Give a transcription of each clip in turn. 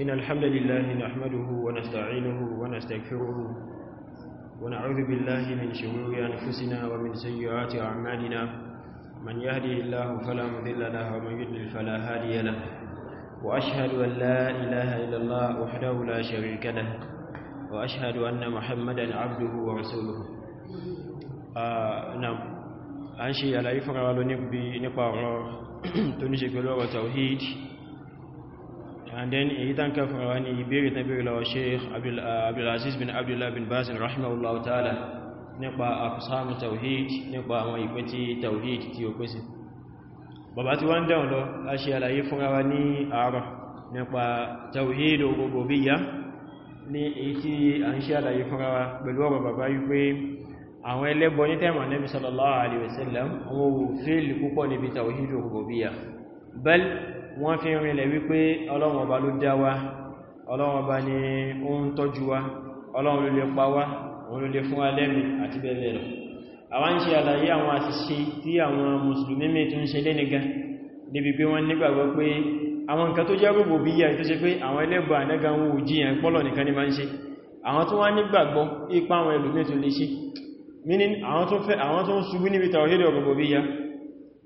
إن الحمد لله نحمده ونستعينه ونستغفره ونعوذ بالله من شرور أنفسنا ومن سيئات أعمالنا من يهدي الله فلا مضل له ومن يضلل فلا هادي له وأشهد أن لا إله إلا الله وحده لا شريك له وأشهد أن محمدا عبده ورسوله آه، نعم أنشي على إفرع لنبي نقرأ تنشي كل توحيد and then èyí tán ká fún àwọn ìbéèrè tán béèrè lọ́wọ́ sheikh abdulaziz uh, bin abdullah bin bazin rahimahullahu ta'ala nípa akusamu tawhid nípa àwọn ìpín tí tawhid tí ó pèsè bàbá tí wọ́n dáun lọ a ṣe àlàyé fún àwọn ní àárọ̀ nípa tawhid rububiyya ní èyí tí a ń ṣe àlàyé fún àwọn pẹ̀lú ọ̀rọ̀ bàbá yí pé àwọn ẹlẹ́bọ ní tẹ́mà nẹ́bí sallallahu alaihi wasallam wọn fèèlì púpọ̀ níbi tawhid rububiyya bal wọ́n fi rinlẹ̀ wípé ọlọ́run ọba ló dá wa ọlọ́run ọba ni ó ń tọ́jú wa ọlọ́run ló lè pa wá òun ló lè fún wa lẹ́mìí àti bẹ́ẹ̀ lọ àwọn ṣe àlàyé àwọn àṣìṣe tí àwọn mùsùlùmí mẹ́ tún ṣe lẹ́nìgan níbi pé wọ́n nígbàgbọ́ pé àwọn nǹkan tó jẹ́ rúgbò bí yà tó ṣe pé àwọn ẹlẹ́bọ̀ àdágan wo pọ́lọ̀ nìkan ní máa ń ṣe àwọn tó wá nígbàgbọ́ ipa àwọn ẹlòmí tó lè ṣe àwọn tó ń ṣubú níbi tàwídọ̀ rúgbò bí yà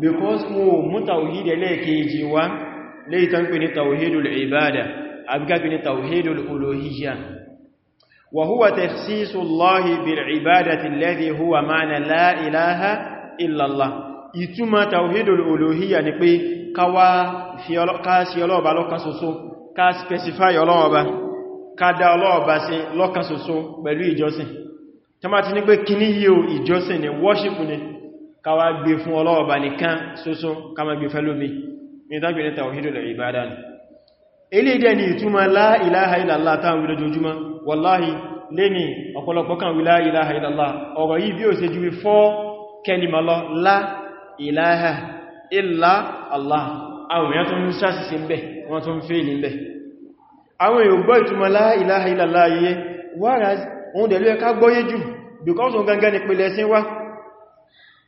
because mo mú tawhid ẹlẹ́ẹ̀kejì wá léyìí tán pè ní tawhidul ibada àbíká pè ní tawhidul uluhiyya wa huwa takhsisullahi bil ibadati alladhi huwa ma'na la ilaha illa Allah ìtumọ̀ tawhidul uluhiyya ni pé káwà sí ọlọ́ọ̀bá lọ́kan ṣoṣo ká specify ọlọ́ọ̀bá ká dá ọlọ́ọ̀bá sí lọ́kan ṣoṣo pẹ̀lú ìjọsìn tí a máa ti ní pé kíní yíò ìjọsìn ni worship ni káwà gbé fún ọlọ́ọ̀bà nìkan sósún káwà gbé fẹ́lómi ní tàbí ní tawhidul ibada ni ilé jẹ́ ni ìtumọ̀ la ilaha illallah ta wílẹ̀ jojúmọ́ wallahi lé ní ọ̀pọ̀lọpọ̀ kan wí la ilaha illallah ọ̀rọ̀ yìí bí ó ṣe ju fọ́ kẹlìmọ̀ lọ la Allah àwọn èèyàn tó ń sáṣìṣe ń bẹ̀ wọ́n tó ń fẹ́ ìlú ń bẹ̀ àwọn èèyàn gbọ́ ìtumọ̀ la ilaha illallah yìí wára oun dẹ̀lú ẹka gbọ́yé jù because on gangan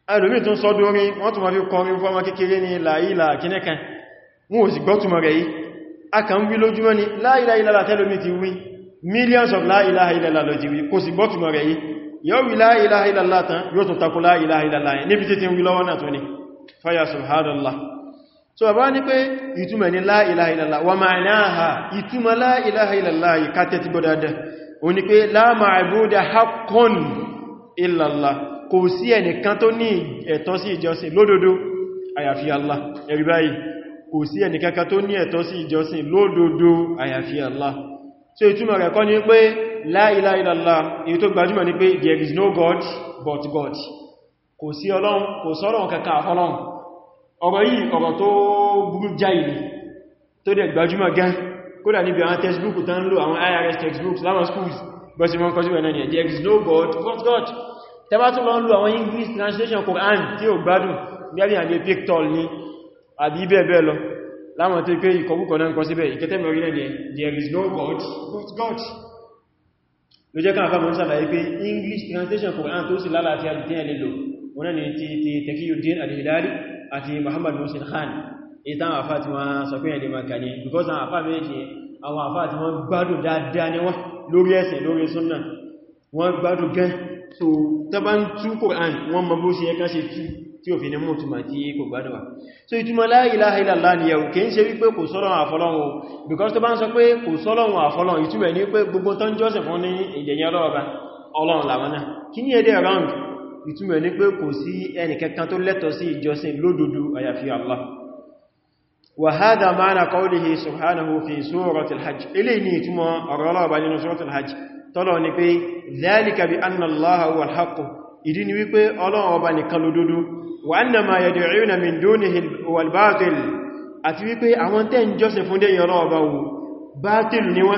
ẹlòmí tún sọ dórí wọ́n tún ma fi kọrin fọ́mọ kékeré ní láìlà kínẹ́kan wọ́n ò sì gbọ́tùmọ̀ rẹ̀ yìí a kà ń wí lójúmọ́ ni láìlà ìlàlà tẹ́lòmí ti wí millions of láìlà ìlàlà lọ ti wí kò sì gbọ́tùmọ̀ rẹ̀ yìí yóò wí láìlà ìlàlà tán yóò tún takú láìlà ìlàlà yẹn níbi títí wí lọ́wọ́ náà tó ní fáyà subhanallah so bá ní pé ìtumọ̀ kò sí ẹnìkan tó ní ẹ̀tọ́ sí ìjọsìn lódodo àyàfi Allah ẹ̀rí báyìí kò sí ẹnìkankan tó ní ẹ̀tọ́ sí ìjọsìn lódodo àyàfi Allah so ìtumọ̀ rẹ̀ kọ́ ni pé la ilaha illallah èyí tó gbajúmọ̀ ni pé there is no God but God kò sí ọlọ́run kò sọ́rọ̀ kankan ọlọ́run ọ̀rọ̀ yìí ọ̀rọ̀ tó burú jáì ni tó dẹ̀ gbajúmọ̀ gan kódà níbi àwọn textbooks láwọn schools bọ́sí mọ́ kọjú ẹ̀nà ni there is no God but God tẹbá tún lọ àwọn English translation Quran tí ó gbádùn gẹ́rì àmì pictol ní àbí bẹ́ẹ̀bẹ́ẹ̀ lọ láwọn tí pé ìkọ̀kúkọ̀ náà kọ síbẹ̀ ìkẹtẹ́mì orílẹ̀ ni there is no God but God ló jẹ́ káàkà mọ́ sàlàyé pé English translation Quran tó sì lálàáfí àdìtẹ́ ẹ̀lẹ́ lò wọ́n náà ni ti ti Taqiyuddin al-Hilali àti Muhammad Muhsin Khan ìtàn àfá tí wọ́n sọ pé ẹ̀lẹ́ maka ni because àwọn àfá méjì àwọn àfá tí wọ́n gbádùn dáadáa ni wọ́n lórí ẹ̀sìn lórí súnnà so tàbá ń tú Kùránì wọ́n mọ̀ bó ṣe yẹ ká ṣe tú tí ò fi ní mú túnmà tí kò gbádùn wa so ìtumọ̀ la ilaha illallah ni yẹ̀wò kìí ṣe wípé kò sọ́lọ́run àfọ́lọ́run because tó bá ń sọ pé kò sọ́lọ́run àfọ́lọ́run ìtumọ̀ ní pé gbogbo tán jọ́sẹ̀ fún ní ìdẹ̀yẹ ọlọ́ọ̀bá ọlọ́run làwọn náà kí ní èdè round ìtumọ̀ ní pé kò sí ẹnìkankan tó lẹ́tọ̀ọ́ sí ìjọsìn lódodo àyàfi Allah وهذا معنى قوله سبحانه في سورة الحج إليه نيتما الرلاء بين سورة الحج tọ́lọ̀ ni pé dhalika bi anna Allaha huwa al-haqq ìdí ni wípé ọlọ́run ọba nìkan lódodo wa anna ma yad'una min dunihi wal batil àti wípé àwọn tẹ́ ń jọ́sìn fún dẹ́yìn ọlọ́run ọba wò 62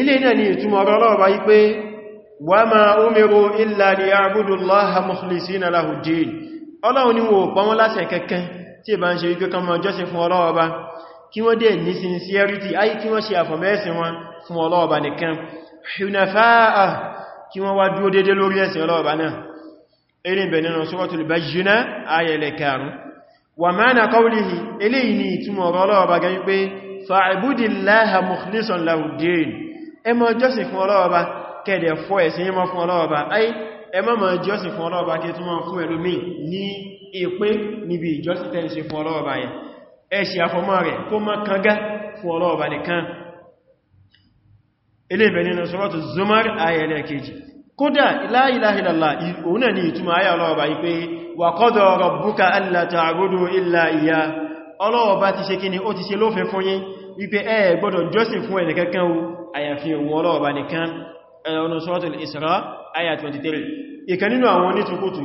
ilé náà ni ìtumọ̀ ọlọ́run ọba yí pé wa ma umiru illa liya'budu Allaha mukhlisina lahu ddin ni wọ́n pa wọ́n láṣẹ kankan tí ìbá ń ṣe wípé kan mọ́ jọ́sìn fún Ọlọ́run Ọba kí wọ́n dẹ̀ ní sincerity ayé kí wọ́n ṣe àfọ̀mẹ́sìn wọn fún Ọlọ́run Ọba nìkan hunafa'a kí wọ́n wá dúró dédé lórí ẹ̀sìn Ọlọ́run Ọba náà erin bẹ̀ nínú Suratul Bayyina ayẹlẹ̀ karùn wa ma'na qawlihi eléyìí ni ìtumọ̀ ọ̀rọ̀ Ọlọ́run Ọba gan wípé fa'budillaha mukhlishan lahu-d-din ẹ mọ́ jọ́sìn fún Ọlọ́run Ọba kẹ́ẹ̀dẹ̀ fọ́ ẹ̀sìn yíma fún Ọlọ́run Ọba ayé ẹ mọ́ mọ́ jọ́sìn fún Ọlọ́run Ọba kẹ́ẹ̀tún mọ́ fún ẹlòmí ní èpín níbi ìjọsìn tẹ́ ń ṣe fún ọlọ́ọ̀bá yẹn ẹ ṣe àfọmọ́ rẹ̀ kó mọ́ kanga fún ọlọ́ọ̀bá nìkan ilé ìbẹ̀ nínú suratu Zumar ayẹlẹ́ kejì kódà la ilaha illallah òun náà ni ìtumọ̀ ayà ọlọ́ọ̀bá yìí pé wa qada rabbuka illa iyyah ọlọ́ọ̀bá ti ṣe kíni ó ti ṣe lófin fún yín wípé ẹ gbọ́dọ̀ jọ́sìn fún ẹnìkankan o àyàfi òun ọlọ́ọ̀bá nìkan ẹ̀rọ suratu Isra ayà 23 ìkan nínú àwọn onítùkútù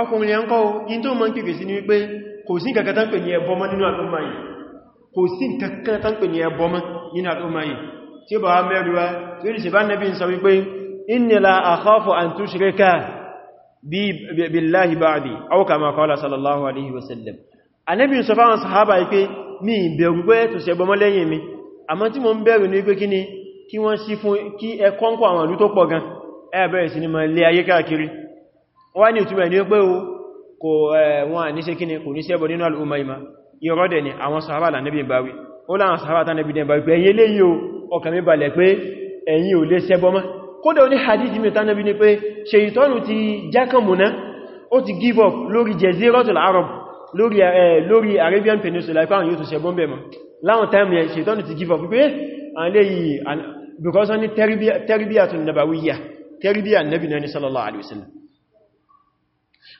ọkùnrin ẹ̀ńkọ́ in tó mọ́ ń kìkì sí ní wípé kò sí kankan tán pè ní ẹbọ mọ́ nínú àtọ́mà yìí kò sí kankan tán pè ní ẹbọ mọ́ nínú àtọ́mà yìí tí ó bá wá mẹ́rìwá tí ó lè ṣe bá nẹ́bí sọ wípé inni la akhafu an tushrika billahi ba'di aw kama qala alaihi wasallam anẹ́bí sọ fáwọn mi ìbẹ̀rù pé tó ṣe ẹbọ mi àmọ́ tí mo ń bẹ̀rù ní wípé kíni kí wọ́n sí fún kí ẹkọ́nkọ́ àwọn ìlú ni mọ̀ ilé ayé káàkiri wọ́n ní ìtumẹ̀ ní pé o kò wọ́n ní ṣe kíni kò ní sí nínú al'umma ima ìrọ́dẹ̀ ni àwọn sahaba là níbi báwí ó láwọn sahaba tán níbi báwí pé ẹ̀yin léyìí o ọkàn mi balẹ̀ pé ẹ̀yin ò lè ṣẹbọ mọ́ kódà oní give up lórí jeziratul arab lórí lórí arabian peninsula ipá àwọn yóò tún ṣẹbọ time yẹn ṣe give up pé àwọn léyìí because wọ́n ní tẹ́rìbíyà tún nabawiyya tẹ́rìbíyà nabi náà ni sallallahu alaihi wasallam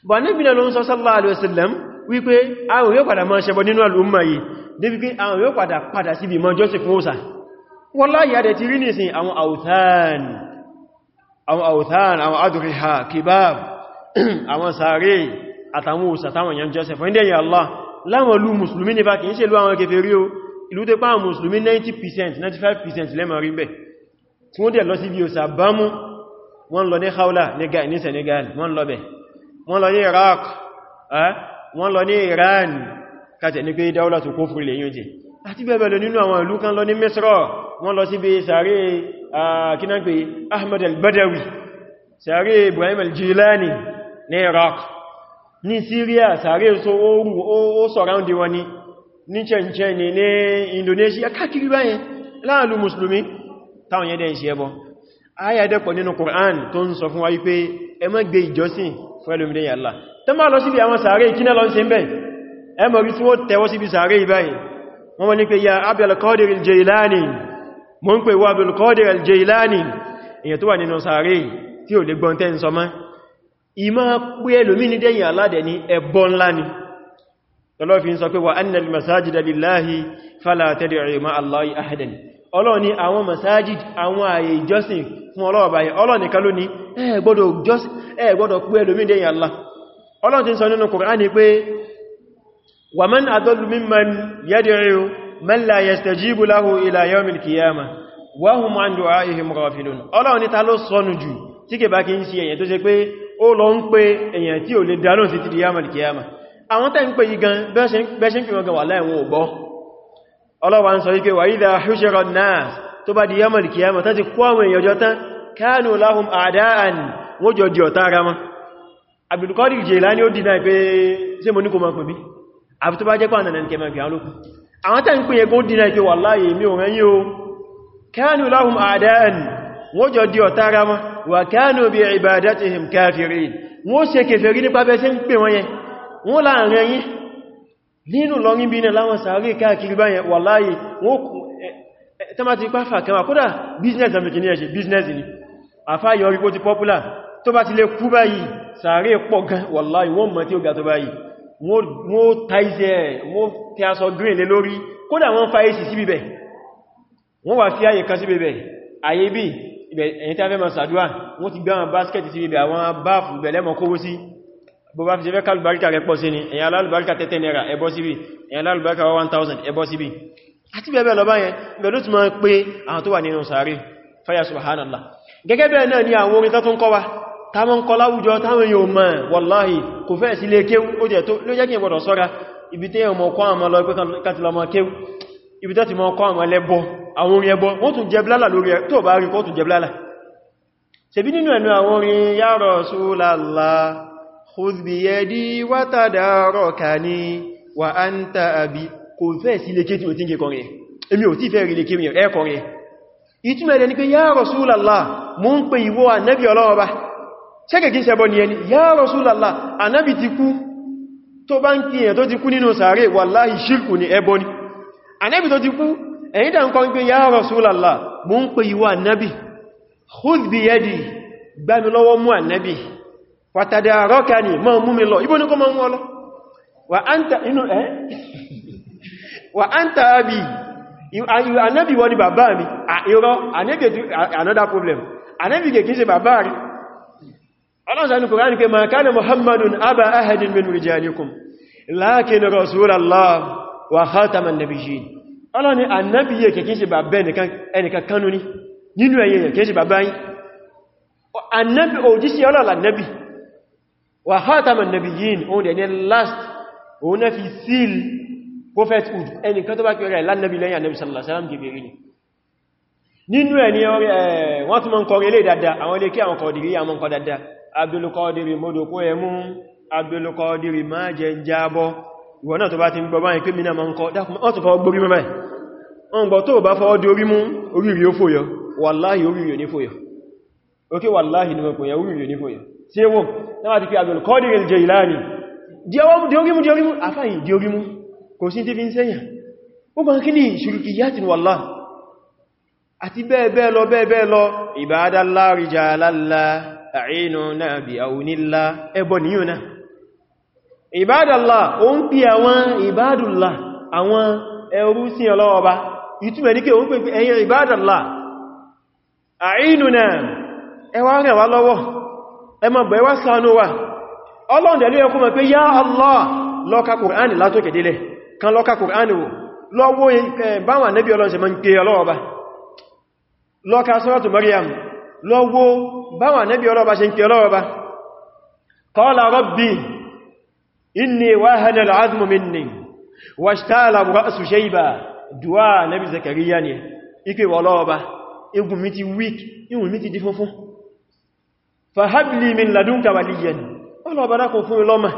bọ̀ níbi náà ló ń sọ sallallahu alaihi wasallam wípé àwọn yóò padà máa ṣẹbọ nínú al'umma yìí débi pé àwọn yóò padà padà síbi mọ́ joseph musa wallahi adẹ̀ ti rí nìsìn àwọn àwùtán àwọn àwùtán àwọn adùrìhà kìbáb àwọn sàárè àtàwọn òsà táwọn yan joseph wọ́n dẹ̀yà allah láwọn ìlú musulmi ní bá kìí ṣe ìlú àwọn kèfèrí o ìlú tó pàwọn musulmi 90% 95% lẹ́mọ̀ rí bẹ̀ tí wọ́n dẹ̀ lọ sí bí òsà bámú wọ́n lọ ní haula ní senegal wọ́n lọ bẹ̀ wọ́n lọ ní Iraq wọ́n lọ ní Iran kàtẹ̀ ní pé dáúlà tó kó fúrilẹ̀ yíò jẹ àti bẹ́ẹ̀ bẹ́ẹ̀ lọ nínú àwọn ìlú kan lọ ní Misra wọ́n lọ síbi sàárè kínágbé Ahmad al-Badawi sàárè Ibrahim al-Jilani ní Iraq ní Syria sàárè so ó sọ̀ráundì wọn ni ní Chechnya ní Indonesia káàkiri báyẹn láàlú Mùsùlùmí táwọn yẹ́dẹ̀ ń ṣe ẹbọ ayẹ́dẹ́pọ̀ nínú Qur'an tó ń sọ fún wa wípé ẹ ìjọsìn fẹ́lúmídé yàlá tó máa lọ síbi àwọn sàárè ìkínà lọ sí mẹ́ ẹmọ̀rí tí wọ́n tẹ̀wọ́ síbi sàárè ìbáyìí wọ́n wọ́n ní pé ya abdulkadir al-jailani mọ́ ń pè wọ́n abdulkadir al-jailani èyàn tó wà nínú sàárè tí ò lè gbọ́n tẹ́ ń sọ mọ́ ìmá pé ẹlòmíní dẹ́yìn aládẹ̀ ní ẹbọ ńlá ni ọlọ́fin sọ pé wa annal masajida ọlọ́ni àwọn masajid àwọn ààyè ìjọsìn fún ọlọ́ọ̀báyẹ ọlọ́nìkan ló ní ẹ gbọ́dọ̀ pé ẹlòmí dẹ̀yìn Allah Ọlọ́run ti sọ nínú Kùránì pé wa man adallu mimman yad'u man la yastajibu lahu ila yawmil qiyamah wa hum an du'a'ihim ghafilun Ọlọ́run ni ta ló sọnù jù tí kẹ bá kí ń sí èyàn tó ṣe pé ó lọ ń pé èyàn tí ò lè dánú sí ti di yawmil qiyamah àwọn tẹ́ ń pè yí gan bẹ́ṣẹ́ ń pè wọn gan wà láìwọn ò gbọ́ Ọlọ́run ń sọ wípé wa idha hushira an kanu lahum a'da'an wọ́n jọ di ọ̀tá ara wọn Abdul Qadir Jilani ó dìdá pé ṣe mo ní kò máa pè mí àfi tó bá jẹ́ pàánà nẹ́ni kẹmẹ́ fìyà lókù àwọn tẹ́ ń pè yẹgbó dìdá pé wallahi mi ò rán o kanu lahum a'da'an wọ́n jọ di ọ̀tá ara wọn wa kanu bi ibadatihim kafirin wọ́n ṣe kèfèrí nípa bẹ́ ṣe ń pè wọ́n yẹn wọ́n láàrin yí nínú lọ́rin bí náà láwọn business àmì business ni àfáyọ̀ orí kó ti popular tó bá ti lè kú báyìí sàárè pọ̀ gan wàláì wọ́n mọ̀ tí ó ga tó báyìí wọ́n tàíṣẹ́ ẹ̀ wọ́n fi aṣọ green lé lórí kódà wọ́n fa èsì sí bíbẹ̀ wọ́n wà fi àyè kan sí bíbẹ̀ àyè bí ẹ̀yìn tí a fẹ́ ma sàdúwà wọ́n ti gbáwọn báskẹ̀tì sí bíbẹ̀ àwọn báàfù bẹ̀lẹ́mọ̀ kówó sí bọ́bá fi jẹ́ kálùbáríkà rẹ̀ pọ̀ sí ni ẹ̀yà alálùbáríkà tẹ́tẹ́ naira ẹbọ́ síbí ẹ̀yà alálùbáríkà 1000 ẹbọ́ síbí àti bẹ̀bẹ̀ lọ báyẹn bẹ̀lú tí ma ń pé àwọn tó wà nínú sàárè subhanallah gẹ́gẹ́ bẹ́ẹ̀ náà ni àwọn orin tó tún kọ́ wa táwọn kọ láwùjọ táwọn yóò mọ̀ wàláhì kò fẹ́ sí lè kéwú ó jẹ́ tó ló jẹ́ kí ìgbọ̀dọ̀ sọ́ra ibi tẹ́ ọmọ kọ́ àmà lọ pé kàtìlọmọ kéwú ibi tẹ́ ti mọ́ kọ́ àmà lẹ́bọ àwọn orin ẹbọ wọ́n ya Rasulallah khudh bi yadi wa tadarakani wa anta abi kò fẹ́ sí lè kéwú tí ń kọrin èmi ò tí fẹ́ rí lè kéwú ẹ̀ kọrin ìtumẹ̀ pè ìwọ ànẹ́bí ọlọ́wọ́ bá ṣẹ́kẹ̀kí ṣẹbọ ni ẹni ya Rasulullah anábi ti kú tó bá ń kí èyàn tó ti kú nínú sàárè wallahi ṣírkù ni ẹbọ ni anábi tó ti kú ẹ̀yìn dà ń kọ́ wípé ya Rasulullah mú ń pè ìwọ anábi khudh bi yadi gbámi lọ́wọ́ mú anábi fatadarokani mọ́ mú mi lọ ibo ní kọ́ mọ́ mú problem anábi kèkí ṣe bàbá rí ọlọ́sàn kòrán pé ma kana muhammadun aba ahadin min rijalikum lakin rasulallah wa khataman nabiyyin ọlọ́ni annabiye kẹkẹ́ sí bàbá ẹnìkan kanú ní nínú ẹ̀yẹ kẹkẹ́ sí bàbá yìí annabi òjísí ọlọ́lá nabi wa khataman nabiyyin òun dẹ̀ ní last òun náà fi seal prophethood ẹnìkan tó bá kí ọrẹ̀ lánàbí lẹ́yìn annabi sallallahu alaihi wasallam gẹ̀bẹ̀rẹ̀ ni nínú ẹ̀ ni wọ́n tún mọ́ ń kọrin ilé dáadáa abdulkadiri modoko ẹmú abdulkadiri má jẹ jábọ́ ìwọ náà tó bá ti ń gbọ́ báyìí pé mínà ma ń kọ́ dákùnmọ́ tó fọ́ gbórí mẹ́mẹ́ ọ̀n gbọ́ tó bá fọ́ dé orí mú oríire ó fòyọ wàláhì oríire ní fòyọ ok wàláhì ní mọ̀kùnyà oríire ní fòyọ tí é wọ́n náà ti fi Abdulkadir al-Jailani dé orí mú dé orí mú àfáyì dé orí mú kò sí tí fi ń sẹ́yìn ó bá kí ní shirkiyatin wallahi àti bẹ́ẹ̀ bẹ́ẹ̀ lọ bẹ́ẹ̀ bẹ́ẹ̀ lọ ibadallah rijalalla àìyàn náà bí àwùnílá ẹbọ níyàn náà ìbádàlá o ń pè àwọn ìbádùlá àwọn ẹrú sí ọlọ́ọba ìtumẹ̀ ní kí o ń pè ẹ̀yin ìbádàlá na náà ẹwà rẹ̀ wá lọ́wọ́ ẹmọ bẹ̀ wá ṣàánú wa ọlọ́run kur'ani kan lọ́wọ́ báwọn nẹ́bí ọlọ́ba ṣe ń kí ọlọ́ọba qala rabbi inni wahana al'azmu minni washtala ra'su shayba du'a nẹ́bí zakariya ni ike ọlọ́ọba igun mi ti weak ihun mi ti di funfun fahabli min ladunka waliyan ọlọ́ọba dákùn fún ilọ́mà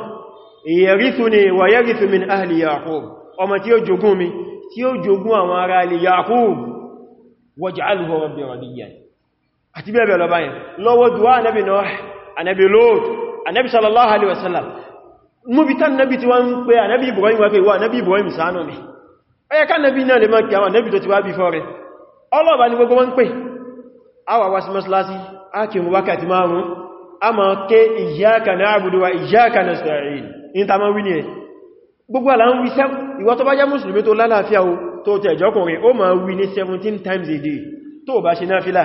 yarithuni wa yarithu min ahli yaqub àti bẹ́ẹ̀bẹ̀ lọ báyìí lọ́wọ́ duwa anabi Nuh anabi Lut anabi sallallahu alaihi wasallam múbi tán nabi ti wọ́n pé anabi Ibrahim wá pé wá anabi Ibrahim sánú mi ọyẹ ká nabi náà lè máa kí àwọn anabi tó ti wá bí fọ́rẹ ọlọ́ọ̀bá ni gbogbo wọ́n pè àwa wá sí mọ́sálásí a kì mú wákàtí márùn a ma ké iyyaka na'budu wa iyyaka nasta'in tó bá ṣe náà fílà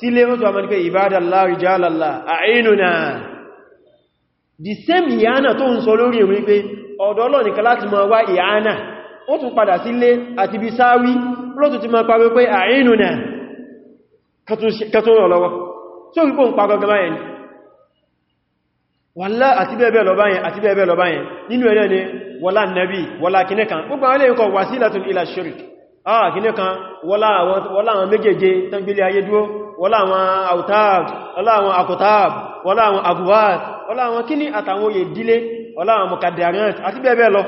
sí lè mọ́tọ̀ àmọ́ ní pé ìbádàlá ìjálàlá àínúnà the same ìyánà tó ń sọ lórí ìrìn pé ọ̀dọ̀ ọlọ́nìkan láti mọ́ wá ìyánà ó tún padà sílé àti bí sáwí lótù ti mọ́ pàwẹ́ pé àínúnà kẹtún ọlọ́wọ́ tí ó rí pòun pàgọ́ gẹ́máyẹn wàlá àti bẹ́ẹ̀bẹ́ lọ́báyẹn àti bẹ́ẹ̀bẹ́ lọ́báyẹn nínú ẹ̀rẹ́ ni wàlá nẹ́bí wàlá kìnẹ́kan gbogbo àwọn wọ́lá àwọn autab wọ́lá àwọn akutab wọ́lá àwọn agubat wọ́lá àwọn kíní àtàwọn oyè dílé wọ́lá àwọn mọ̀kàdàríant àti bẹ́ẹ̀ bẹ́ẹ̀ lọ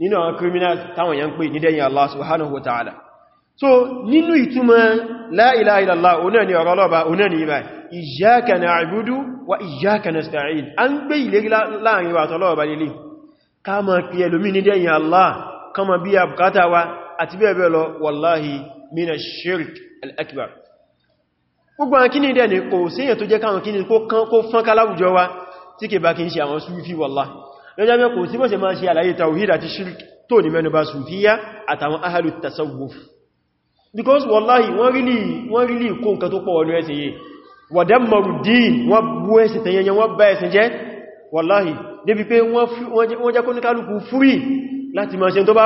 nínú àwọn criminals táwọn yẹn ń pè ní dẹ́yìn Allah subhanahu wa ta'ala so nínú ìtumọ̀ la ilaha illallah onáà ni ọ̀rọ̀ ọlọ́ba onáà ni ibà iyyaka na'budu wa iyyaka nasta'in an gbé ìlérí láàrin wa tọ́lọ́ọ̀bá lélẹ̀ ká ma pè ẹlòmí ní dẹ́yìn Allah kama bí i àbùkátà shirk al-akbar gbogbo àwọn kíní dẹ̀ ní kò síyàn tó jẹ́ káwọn kíní kó fánká láwùjọ wa tí kè bá kí ń ṣe àwọn súfí wọ́lá lọ́jọ́ mẹ́ kò sí bọ́ se máa ṣe àlàyé tàwíhìdà àti ṣírk tó ní mẹ́nubá súfíyá àtàwọn ahàlù tasawuf because wallahi wọ́n rí lì kó nǹkan tó pọ̀ wọnú ẹ̀sìn yìí wàdánmọ̀rù dín wọ́n bú ẹ̀sìn tẹ̀yẹnyẹ wọ́n bá ẹ̀sìn jẹ́ wallahi débi pé wọ́n jẹ́ kó ní kálùkù fúrì láti máa ṣe tó bá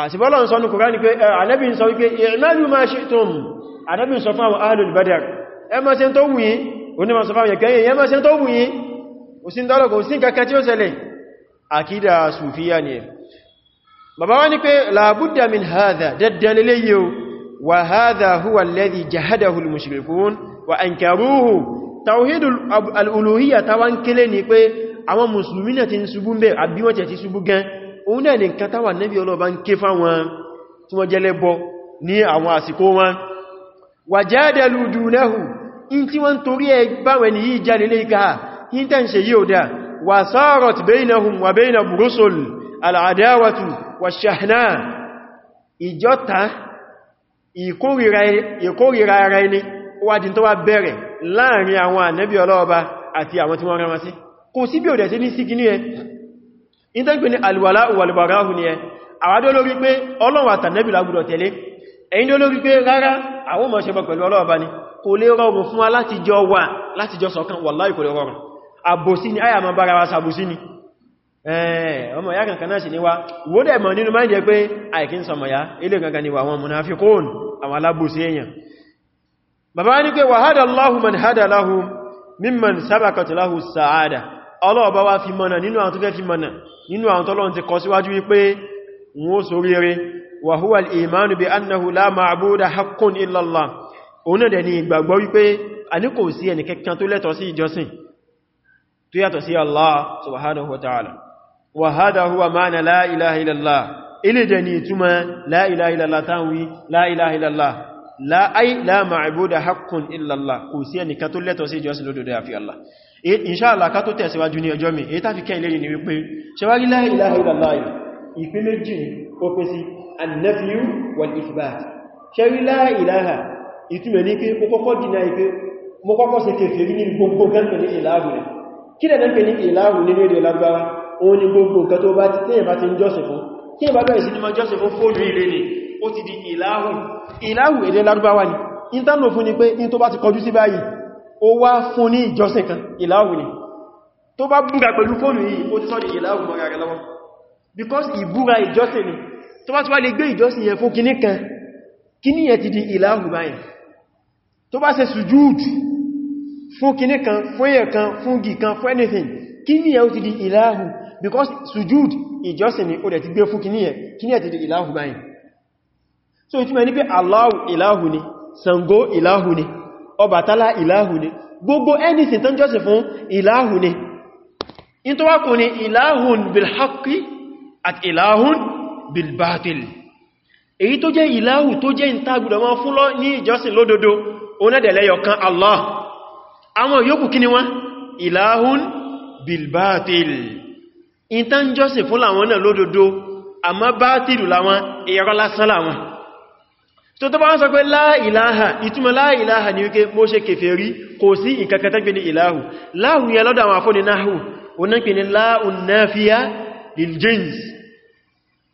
àṣìbọ́lọ̀ ń sọ ní kòrán ní pé eh, ànábì ń sọ wípé i'malu ma shi'tum ànábì ń sọ fáwọn ahlul badar ẹ máa ṣe tó wùyí oní ma sọ fáwọn yẹ̀kẹ́ yẹ máa ṣe tó wùyí o sí dọ́lọ̀kọ̀ sí kankan tí ó ṣẹlẹ̀ àwọn musulmi na ti ń ṣubú ń bẹ̀ àbí wọ́n ti ṣubú gan òun náà ni nǹkan táwà nẹ́bí ọlọ́ba ń ké fáwọn tí wọ́n jẹ́lẹ́bọ ní àwọn àsìkò wọn wajadalu dunahu in tí wọ́n torí ẹ báwọn ni yìí já nílé ika yìí tẹ́ ń ṣe yíò dá wa sarat bainahum wa baina burusul al'adawatu wa shahna ìjọta ìkórìíra ara ẹni wádìí tó wá bẹ̀rẹ̀ kò sí bí ò dẹ̀ sí ní sí gíní ẹ ìtẹ́gbẹ̀ ni alwala walbarahu ni ẹ àwádó lórí pé ọlọ́wà tànẹ́bì lágbùdọ̀ tẹ̀lé ẹ̀yìn tó lórí pé rárá àwọn ọmọ ṣẹbọ pẹ̀lú ọlọ́ọ̀bá ni kò lè rọrùn fún wa láti jọ wà láti jọ sọ̀kan wàláì kò lè rọrùn àbòsí ni àyà máa bára wa sàbòsí ni ọmọ ya kankan náà sì ni wa wódẹ̀ mọ̀ nínú máìdẹ̀ pé àìkín sọmọ̀ ya ilé gangan ni ọlọ́ọ̀bá wá fi mọ̀nà nínú àwọn tó fẹ́ fi mọ̀nà nínú àwọn tọ́lọ́run ti kọ síwájú wípé wọ́n sórí rẹ̀ wa huwa al-imanu bi annahu la ma'buda haqqun illa Allah òun dẹ̀ ni ìgbàgbọ́ wípé a ní kò sí ẹni kankan tó lẹ́tọ̀ sí ìjọsìn tó yàtọ̀ sí Allah subhanahu wa ta'ala wa hadha huwa ma'na la ilaha illa Allah ilé dẹ̀ ni ìtumọ̀ la ilaha illa Allah táwí la ilaha kò sí ẹni tó lẹ́tọ̀ sí ìjọsìn lódodo àfi inṣáàlá ká tó tẹ̀síwájú ní ọjọ́ mi èyí tàfi kẹ́ ilé yìí ni wípé ṣẹwárí la ilaha illallah ìpín méjì ó pín sí an-nafyu wal la ilaha ìtumẹ̀ ní pé mo kọ́kọ́ dínà ipé mo kọ́kọ́ ṣe kèfèrí ní gbogbo gẹ́gbẹ̀ ní ìlàhù rẹ̀ kí lẹ́nà pé ní ìlàhù nínú èdè lágbára òun ni gbogbo nǹkan tó bá ti tẹ́yẹ̀ bá ti ń jọ́sìn fún kí ìbá bẹ̀rẹ̀ sí ní máa jọ́sìn fún fóònù ilé ni ó ti di ìlàhù ìlàhù ni ìtànà fún ni pé in tó ó wá fún ní ìjọsìn kan ìlàáwù ni tó bá búra pẹ̀lú fóònù yìí ó ti sọ́dì ìlàáwù mọ́ra rẹ̀ lọ́wọ́ because ìbúra ìjọsìn ni tó bá ti wá lè gbé ìjọsìn yẹn fún kíní kan kíní yẹn ti di ìlàáwù báyìí tó bá ṣe sùjúùdù fún kíní kan fún èyàn kan fún gì kan fún anything kíní yẹn ó ti di ìlàáwù because sùjúùdù ìjọsìn ni ó dẹ̀ ti gbé fún kíní yẹn kíní yẹn ti di ìlàáwù báyìí so ìtumọ̀ ní pé Allahu ìlàáwù ni Ṣàngó ìlàáwù ni Ọbàtálá ìláhù ni gbogbo anything tó ń jọ́sìn fún ìláhù ni in tó wá kò ní ìláhùn bilhaki àti ìláhùn bilbatil èyí tó jẹ́ ìláhù tó jẹ́ ìntàgùdọ̀ wọn fún lọ ní ìjọ́sìn lódodo onádẹ̀lẹ́yọkan Allah àwọn yòókù kí ni tó tó bá ń sọ pé láìláha ìtumọ̀ láìláha ni wíké mo ṣe kèfèrí kò sí ìkàkàtàgbé ní ìláhù láhù yẹ lọ́dọ̀ àwọn afọ́ni náhù onípe ni láhùn náfíà liljins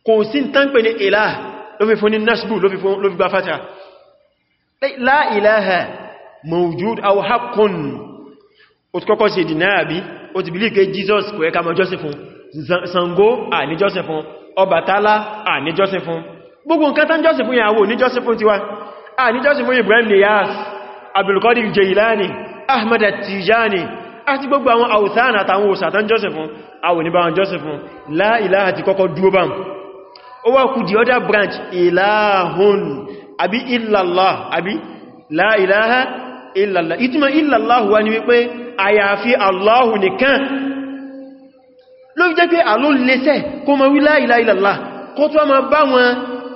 kò sí tánpẹ̀ ní ìláhù ló fi fún ní nasbu ló fi gba fata láìláha mawjud aw Jesus kò ẹ ká mọ jọ́sìn fún Ṣàngó àní gbogbo nǹkan tán jọ́sìn fún ìyàwó ní jọ́sìn fún tiwa a ní jọ́sìn fún Ibrahim Niyas Abdulkadir Jailani Ahmad Tijani àti gbogbo àwọn àwòsàn àtàwọn òsàtán jọ́sìn fún àwọn oníbàwọn jọ́sìn fún la ilaha ti kọ́kọ́ dúró bá kó ma wí la bá wọn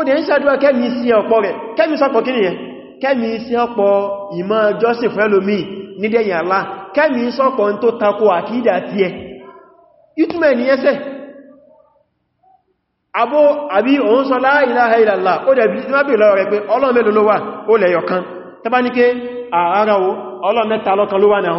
ó dẹ̀ ń ṣàdúwà kẹ́mì sí ọ̀pọ̀ rẹ̀ kẹ́mì sọpọ̀ kí nìyẹn kẹ́mì sí ọ̀pọ̀ ìmọ̀ jọ́sìn fún ẹlòmí nídẹ̀yìn Allah kẹ́mì sọpọ̀ ń tó tako àkídà ti ẹ ìtumẹ̀ ní ẹsẹ̀ abó àbí òun sọ la ilaha ó dẹ̀ kan o Ọlọ́run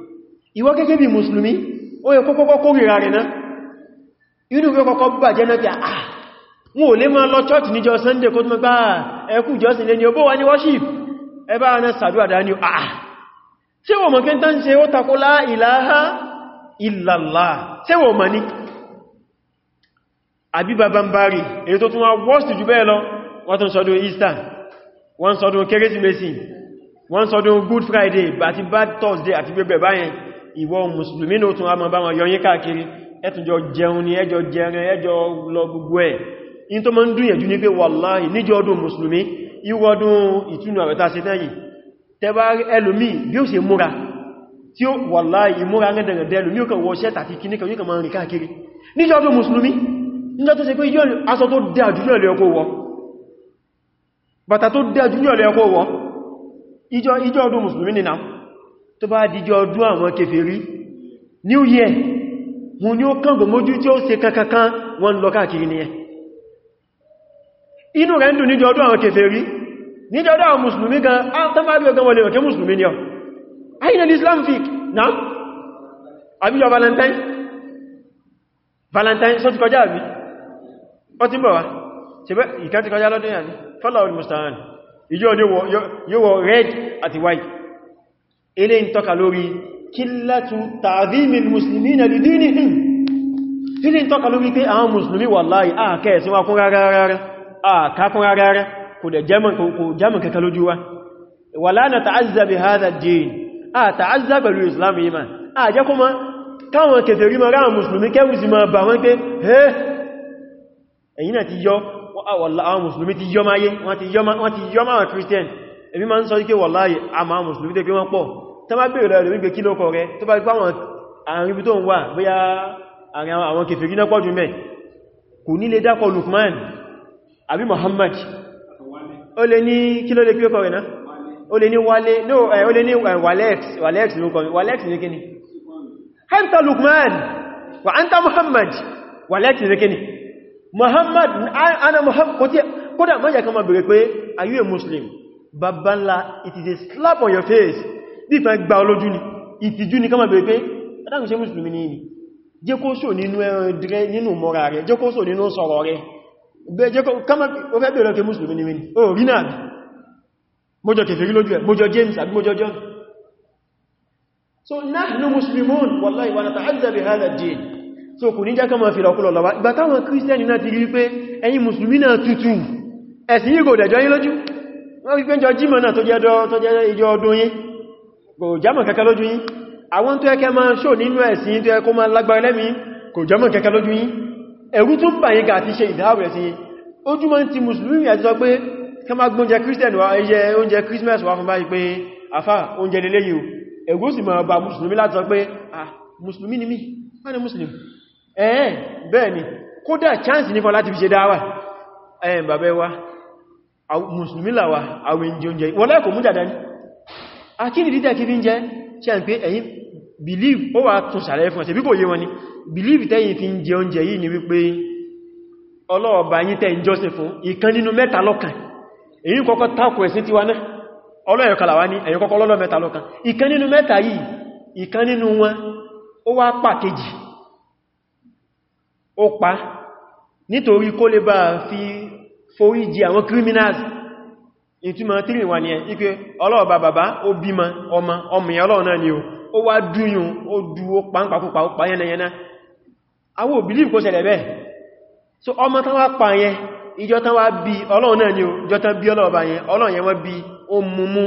ìwọ kéèké bí mùsùlùmí ó yẹ kókókó kórìra rẹ̀ náà inú pé kọ́kọ́ bà jẹ́ náà kí à wọn ò lè máa lọ church níjọ sunday kó tó mọ́gbà ẹkù eh, jọ́sìn lẹ́ni ó bó ní worship ẹbá ana sàdúrà dání à ah, ṣé wọ́n mọ̀ kí n tán ṣe ó takó lá ìlàhá wọ́n mọ̀ babambari èyí tó tún wá worst jù bẹ́ẹ̀ lọ wọ́n tún sọdún easter wọ́n sọdún good friday àti bad thursday àti bẹ́ẹ̀ báyẹn ìwọ mùsùlùmí ní òtún àmọ́ bá wọn yọ yín káàkiri ẹtùjọ jẹun ni ẹjọ jẹrin ẹjọ lọ gbogbo ẹ̀ in tó mọ́ ń dúnyẹ̀jú ní pé wàláhì níjọ ọdún mùsùlùmí ìwọ ọdún ìtúnu àwẹ̀ta sí tẹ́yì tẹbá ẹlòmí bí ó ṣe múra tí ó wàláhì ìmúra rẹ̀dẹ̀rẹ̀dẹ̀ ẹlòmí ó kàn wọ ṣẹ́ tàti kíní kan yóò kàn máa rìn káàkiri níjọ ọdún ìjọ ọdún mùsùlùmí nìna tó bá díjọ ọdún àwọn kèfèrí new year wọn ni ó kàngbò mójú tí ó ṣe kankankan wọn lọ káàkiri ni ẹ inú rẹ̀ ń dùn níjọ ọdún àwọn kèfèrí níjọ ọdún àwọn musulmi gan tánbàbí ọgbọ́n wọlé ọ̀kẹ́ na àbíjọ valentine valentine sọ ti kọjá àbí ọ ti bọ̀ wá ìkẹ́ ti kọjá lọ́dún yà ni yóò wọ red ati white ilé ń tọ́ka lórí kílátù ta'dhimil muslimina li dinihim ilé ń tọ́ka lórí pé àwọn musulmi wallahi àkẹ́ sí wọn kún rárára àkákún rárára kò dẹ̀ jẹ́mùn kẹta lójú wa wala nata'azza bi hadha ad-din a ta'azza pẹ̀lú islam yìí ma a jẹ́ kuma káwọn kẹtẹ̀rí ma ráwọn musulmi kẹwù sí ma bà wọn pé hẹ́ ẹ̀yìn náà ti èmi máa ń sọ ike wàláyé a máa mùsùlùmí tẹ́ pé wọ́n pọ̀ tó bá bèèrè rẹ̀ wípé kí ló kọ rẹ̀ tó bá rí pàwọn àrin ibi tó ń wà bóyá àwọn kèfèrí náà pọ̀jù mẹ́ kò ní dákọ̀ Lukman àbí Muhammad ó lè ní kí ló lè kí no ó lè ní walex ló kọ rẹ̀ walex Lukman wa Muhammad walex ní kíni Muhammad ana Muhammad kódà mọ́jà kan ma bèèrè pé are you a Muslim bàbá ńlá it is a slap on your face dífẹ́ gba olójú ni ìtìjú ni kọ́mọ̀ bèèrè pé ẹ̀dàkùn ṣe mùsùlùmí ní ìní jẹ́ kó sọ nínú ẹran rẹ nínú mọ́ra rẹ jẹ́ kó sọ nínú sọ̀rọ̀ rẹ ọfẹ́ bèèrè pé mùsùlùmí ní ìní o rí náà mọ́jọ kèfèrí lójú ẹ̀ mọ́jọ James àbí mọ́jọ John so nahnu muslimun wallahi wa nata'azza bi hadha ad-din so kò ní jẹ́ kọ́mọ̀ fi lọ́kúlọ̀ lọ́wọ́ ìgbà táwọn kírísítẹ́nì náà ti rí pé ẹ̀yin mùsùlùmí náà tutù ẹ̀sìn yìí kò dẹ̀jọ́ yín wọ́n wípé jọ jímọ̀ náà tó jẹ́ ìjọ ọdún yín kò jámọ̀ kẹkẹ lójú yín àwọn tó ẹkẹ máa ṣò nínú ẹ̀sìn tó ẹkọ máa lágbára lẹ́mí kò jámọ̀ kẹkẹ lójú yín ẹ̀rú tó bà yín gàtí ṣe ìdáàbò ẹ̀sìn yín ojúmọ́ ti mùsùlùmí àti sọ pé ká má gbóúnjẹ kírísítẹ̀nì wá ẹyẹ oúnjẹ kírísítẹ̀nì wá fún báyìí pé àfá oúnjẹ lélẹ́yìí o ẹ̀rú sì máa bà mùsùlùmí láti sọ pé ah mùsùlùmí ni mí wọ́n ni mùsùlùmí ẹ̀ẹ́ bẹ́ẹ̀ ni kódà chance ní fún láti fi ṣe dáwà ẹ̀yìn bàbẹ́ wa mùsùlùmí làwà àwọn ìjẹ oúnjẹ wọ́n lẹ́kọ̀ọ́ mú dàdá ní akíni dídẹ̀ kí fi ń jẹ́ tí a ń pé ẹ̀yìn believe ó wà tún sàrẹ́ fún ọ̀sẹ̀ bí kò yé wọn ni believe tẹ́yìn fi ń jẹ oúnjẹ yìí ni wípé ọlọ́ọ̀bá yín tẹ́ ń jọ́sìn fún ìkan nínú mẹ́ta lọ́kan èyí kọ́kọ́ tako ẹ̀sìn tiwa náà ọlọ́yọ̀ kalàwá ní ẹ̀yìn kọ́kọ́ lọ́lọ́ mẹ́ta lọ́kan ìkan nínú mẹ́ta nítorí kó lè bá fi foríjì àwọn criminals ìtumọ̀ tíri wà ní ẹ̀ ipé ọlọ́ọ̀bá bàbá ó bímọ ọmọ ọmọ ìyà ọlọ́ọ̀ náà ni ó ó wá dúyùn ó dú ó pàǹpàkúpa ó pa yẹnayẹna awó bìlíf kó ṣẹlẹ̀ bẹ́ẹ̀ so ọmọ tán wá pa yẹn ìjọ tán wá bí ọlọ́ọ̀ náà ni ó ìjọ tán bí ọlọ́ọ̀bá yẹn ọlọ́ọ̀ yẹn wọ́n bí ó mumú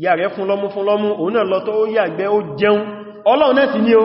ìyà rẹ̀ fún lọ́mú fún lọ́mú òun náà lọ tó ó yàgbẹ́ ó jẹun ọlọ́ọ̀ náà sì ni ó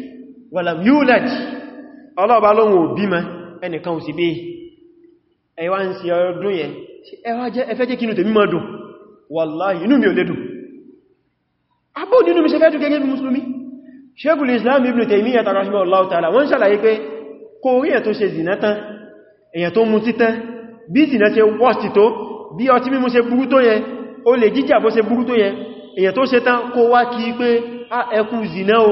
wàlàm yúlẹ̀d ọlọ́ọ̀bá lóhun òbí ma ẹnìkan ò sì bí ẹwà ń sí ọdún yẹn ẹfẹ́ jẹ́ kínú tèmi máa dùn wàláhì inú mi ò lè abó nínú mi ṣe fẹ́ gẹ́gẹ́ bí mùsùlùmí ṣégùl islam ibn taymiyyah rahimahullahu ta'ala wọ́n ṣàlàyé pé kò rí ẹ̀ tó ṣe zìnà tán èyàn tó mú títẹ́ bí zìnà ṣe wọ́stì tó bí ọtí mímú ṣe burú tán kó wá kí pé ah, ẹkù zìnà o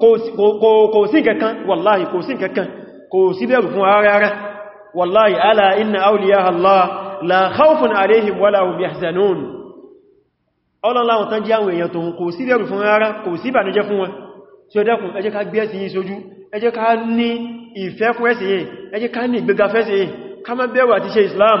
kò sí kankan wallahi kò sí kankan kò sí bẹ̀rù fún ara wallahi ala inna awliya Allah la khawfun alayhim wala hum yahzanun ọlọ́lá wọn tán jẹ́ àwọn èèyàn tó kò sí bẹ̀rù fún ara kò sí ìbànújẹ́ fún wọn tí ó dẹ́kun ẹ ká gbé ẹ̀sìn yìí sójú ẹ ká ní ìfẹ́ fún ẹ̀sìn yìí ẹ ká ní ìgbéga yìí ká má bẹ̀rù àti ṣe Islam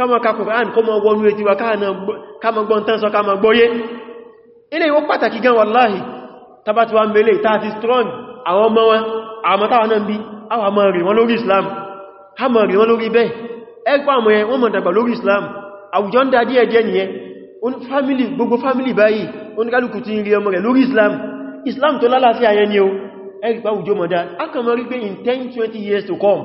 kama ka Kùrán kó mọ wọnú etí wa kama gbọ́n tán sọ kama gbọ́yé ilé iwo pàtàkì gan wàláhì tàbátí wa mẹ́lẹ̀ tàbí strong àwọn ọmọ wọn àwọn táwọn náà bí àwọn àmà rí wọn lórí Islam ha mọ̀ rí wọn lórí bẹ́ẹ̀ ẹgbà mọ̀ ẹ wọ́n mọ̀ dàgbà lórí Islam àwùjọ ń da díẹ̀ díẹ̀ nìyẹn gbogbo fámílì báyìí oníkálùkù ti ń rí ọmọ rẹ̀ lórí Islam Islam tó lálàáfíà yẹn ni o ẹgbà àwùjọ mọ̀ dá akọ̀mọ̀ rí pé in 10-20 years to come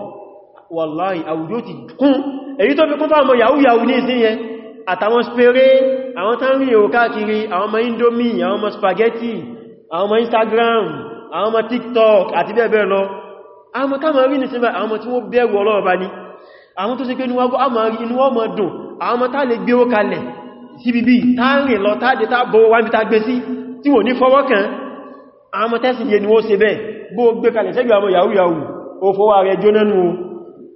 wàláì àwùjọ ti kún èyí tó fi kún fáwọn yahoo yahoo ní ìsìn yẹn àtàwọn spere àwọn tán rí èrò káàkiri àwọn ọmọ indomie àwọn ọmọ spaghetti àwọn ọmọ instagram àwọn ọmọ tiktok àti bẹ́ẹ̀ bẹ́ẹ̀ lọ àwọn ọmọ káàmà rí ní sinmi àwọn ọmọ tí wọ́n bẹ̀rù ọlọ́ọ̀bá ní àwọn tó sì pé inú ọmọ dùn àwọn ọmọ tá lè gbé ó kalẹ̀ síbibí táàrin lọ táàdé táàbọ̀ wà yẹ ni wọ́n ṣe bẹ́ẹ̀ bó gbé kalẹ̀ sẹ́gbẹ̀ àwọn yahoo yahoo ó rẹ̀ jónánú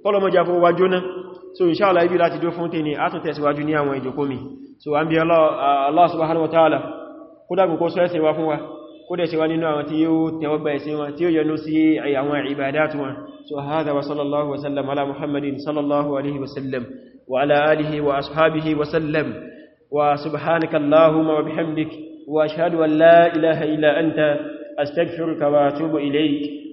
kọlọmọjá fún wájú náà so inṣáàlá ibi láti dó fún tèní a tún tẹ̀síwájú ní àwọn ìjòkó mi so an bí Allah subhanahu wa ta'ala kó dákun